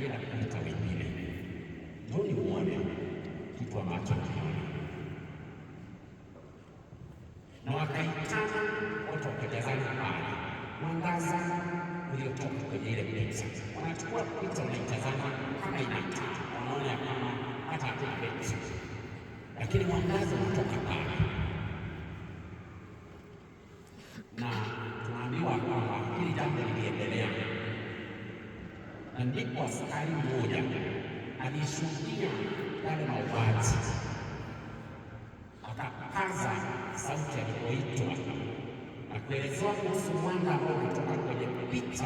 wengine hata wengine. Njoni uone kitu ambacho kione. Na wakaitana watu wakajazana pale, mwangaza uliotoka kwenye ile pesa, wanachukua picha, wanaitazama kama inaitaa, wanaona kama hata hakuna lakini mwangaza unatoka pale kwa askari mmoja alishuhudia wale mauaji, akapaza sauti alipoitwa na kuelezewa kuhusu mwanga ambao unatoka kwenye picha,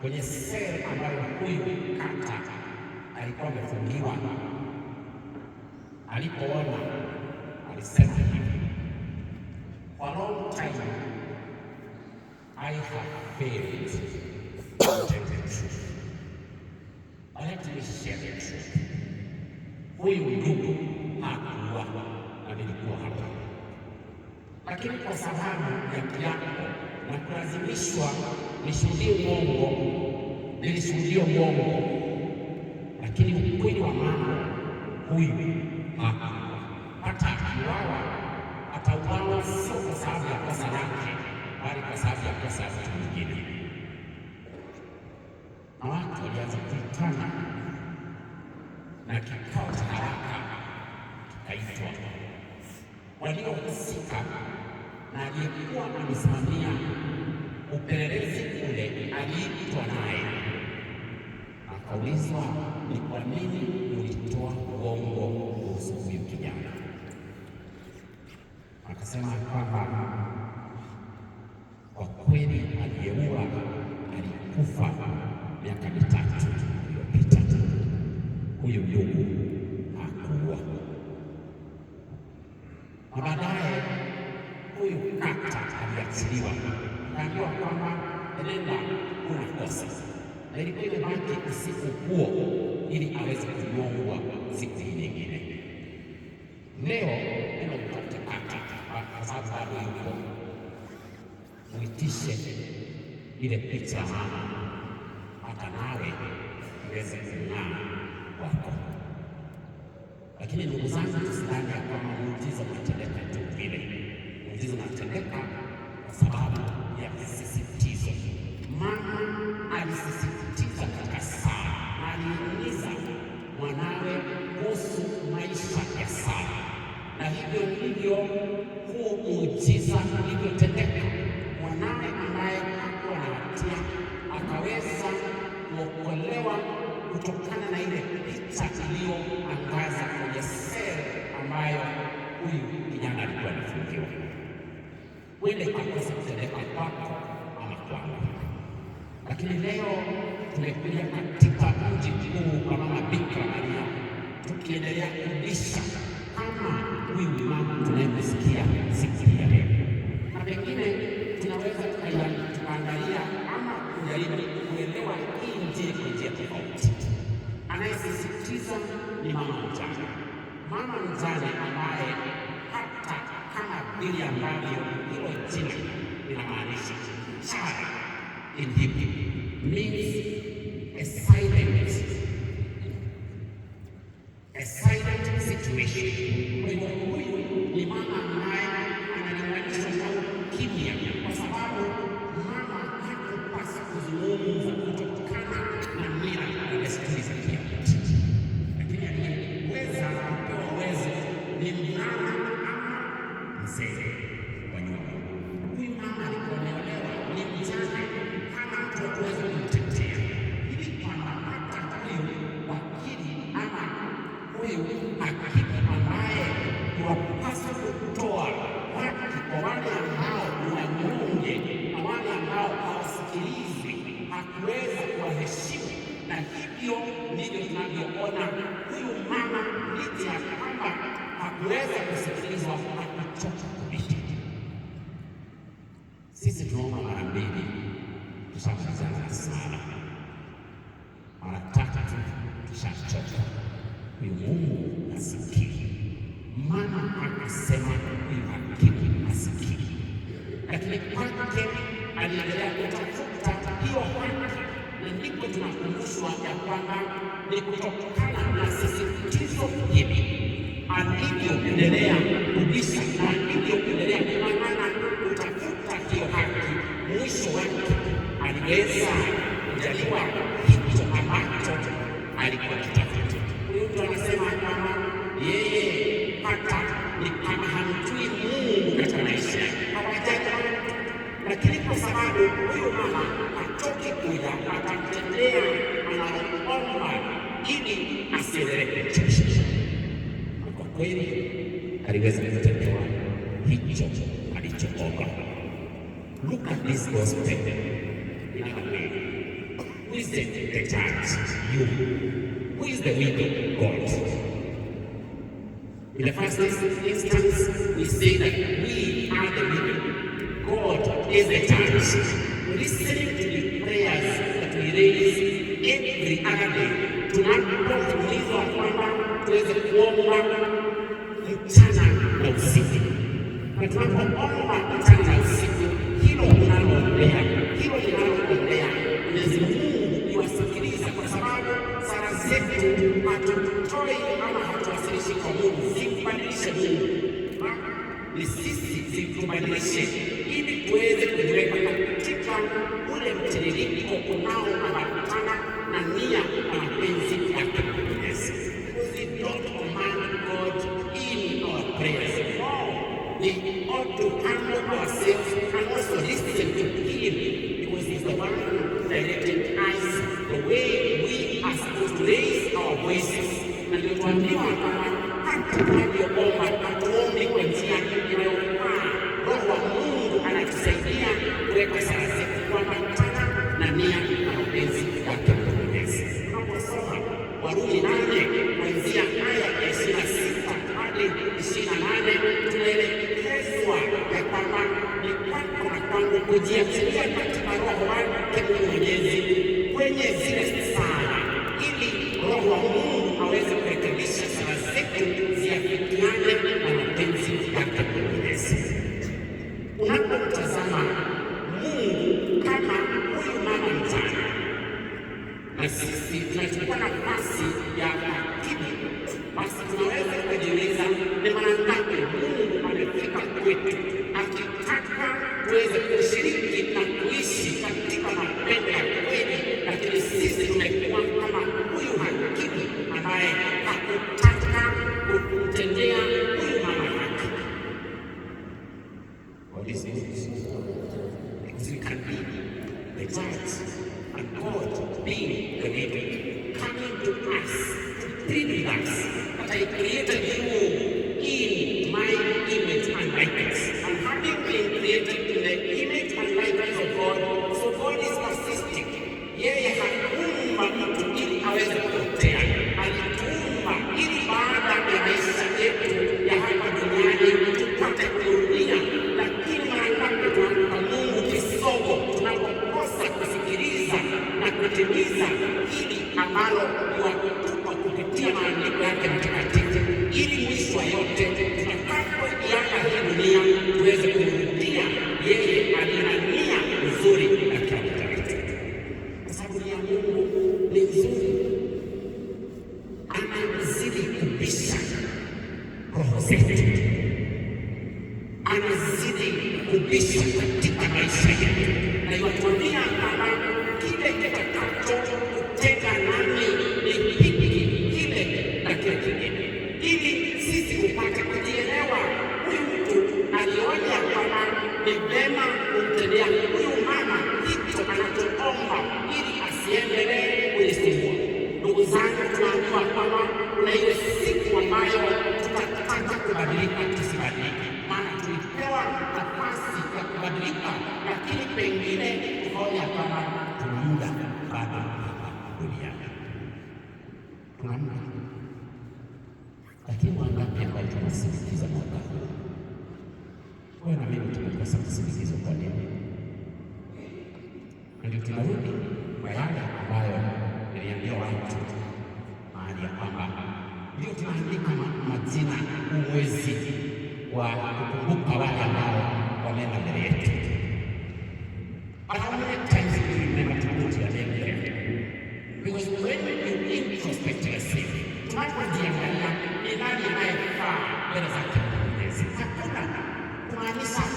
kwenye sel ambayo huyu kata alikuwa amefungiwa. Alipoona alisema hivi, for long time I have failed huyu ndugu hakuwa nilikuwa hapa, lakini kwa sababu ya kiapo na kulazimishwa nishuhudie uongo, nilishuhudia uongo, lakini ukweli wa mambo huyu hakuwa. Hata akiwawa atauawa sio kwa sababu ya kosa lake, bali kwa sababu ya kosa ya mtu mwingine, na watu walianza kuitana na kikao cha haraka kikaitwa. Waliohusika na aliyekuwa amesimamia upelelezi ule aliitwa naye, akaulizwa ni kwa nini ulitoa uongo kuhusu huyu kijana? Akasema kwamba kwa kweli aliyeua alikufa miaka mitatu huyu ndugu akaua, na baadaye huyu kaka aliachiliwa, kaambiwa kwamba nenda, una kosa, na ilikuwa imebaki usiku huo ili aweze kunyongwa siku hii nyingine. Leo enda mtoto kaka, kwa sababu bado yuko, mwitishe ile picha, hata nawe iweze kung'aa wako. Lakini ndugu zangu, tusidhani ya kwamba muujiza unatendeka tu vile. Muujiza unatendeka kwa sababu ya visisitizo. Mama alisisitiza katika sala na aliuliza mwanawe kuhusu maisha ya sala, na hivyo ndivyo huu muujiza ulivyotendeka. Mwanawe ambaye hakuwa na hatia akaweza kuokolewa kutokana na ile picha iliyoangaza kwenye seli ambayo huyu kijana alikuwa anafungiwa. Wende hakuweza kupeleka kwako ama kwangu, lakini leo tumekuja katika mji mkuu wa mama Bikira Maria, tukiendelea kubisha kama huyu mama tunayemsikia siku ya leo, na pengine tunaweza tukaangalia ama kujaribu kuelewa hii njia kwa njia tofauti. Sisitizo ni mama mzazi, mama mzazi ambaye hata kama vile ambavyo hilo jina linamaanisha child in Hebrew means a silent, a silent situation. Kwa hivyo huyu ni mama ambaye analinganishwa na kwa sababu kuweza kusikilizwa anachoka kubiti. Sisi tunaomba mara mbili, tushakazana sana, mara tatu tushachoka. Huyu Mungu asikii, maana akasema huyu asikii, lakini kwake aliendelea kutafuta hiyo haki, na ndiko tunakumbushwa ya kwamba ni kutokana na sisitizo hili alivyoendelea kugisa na alivyoendelea kuangana kutafuta hiyo haki, mwisho wake aliweza kujaliwa kweli aliweza kutetewa hicho alichoomba. Look at this gospel in a way. Who is the, the church? You. Who is the widow? God. In the first instance, we say that we are the widow. God is the church. Listening to the prayers that we raise every other day, tunapoulizwa kwamba tuweze kuomba Tunataka kwamba katika siku hilo unaloendea hilo linaloendea, Mwenyezi Mungu iwasikilize, kwa sababu sala zetu hatutoi ama hatuwasilishi kwa Mungu, zikubadilishe Mungu, ni sisi zikubadilishe, ili tuweze kujiweka katika ule mtiririko unao Tulipe tunavyogoma, tuombe kwa njia inayofaa. Roho wa Mungu anatusaidia kuweka sasa kwa mataka na nia na upezi wake mwenyezi. Tunaposoma Warumi nane kuanzia aya ya ishirini na sita hadi ishirini na nane tunaelekezwa ya kwamba ni kwako na kwangu kujiachilia katika Roho wake Mwenyezi kwenye zile What is this? It can be the giant, a god being created, coming to us, to dreaming us. But I created you in my image and likeness. And having been created in the image and likeness of God, so God is narcissistic. Yeye hakuumba mtu ili aweze kuwa kwa kupitia maandiko yake matakatifu, ili mwisho wa yote tutakapoiaga hii dunia tuweze kumrudia yeye aliania uzuri katika matakatifu, kwa sababu ya Mungu ni nzuri, anazidi kubisha roho zetu, anazidi kubisha katika maisha yetu. sana, tunaambiwa kwamba kuna ile siku ambayo tutataka kubadilika, tusibadilike. Maana tulipewa nafasi ya kubadilika, lakini pengine tukaona kwamba tuna muda bado hapa duniani, tuna muda, lakini wangapi ambayo tunasindikiza mwaka huu? Wewe na mimi tumekosa kusindikiza. Kwa nini? Ndio tunarudi kwa yale ambayo niliambia watu ahadi ya kwamba ndio tunaandika majina uwezi wa kukumbuka wale ambao wameenda mbele yetu. Tunapojiangalia ni nani anayefaa mbele zake Mwenyezi, hakuna kumaanisha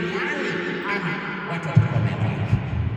Yeah.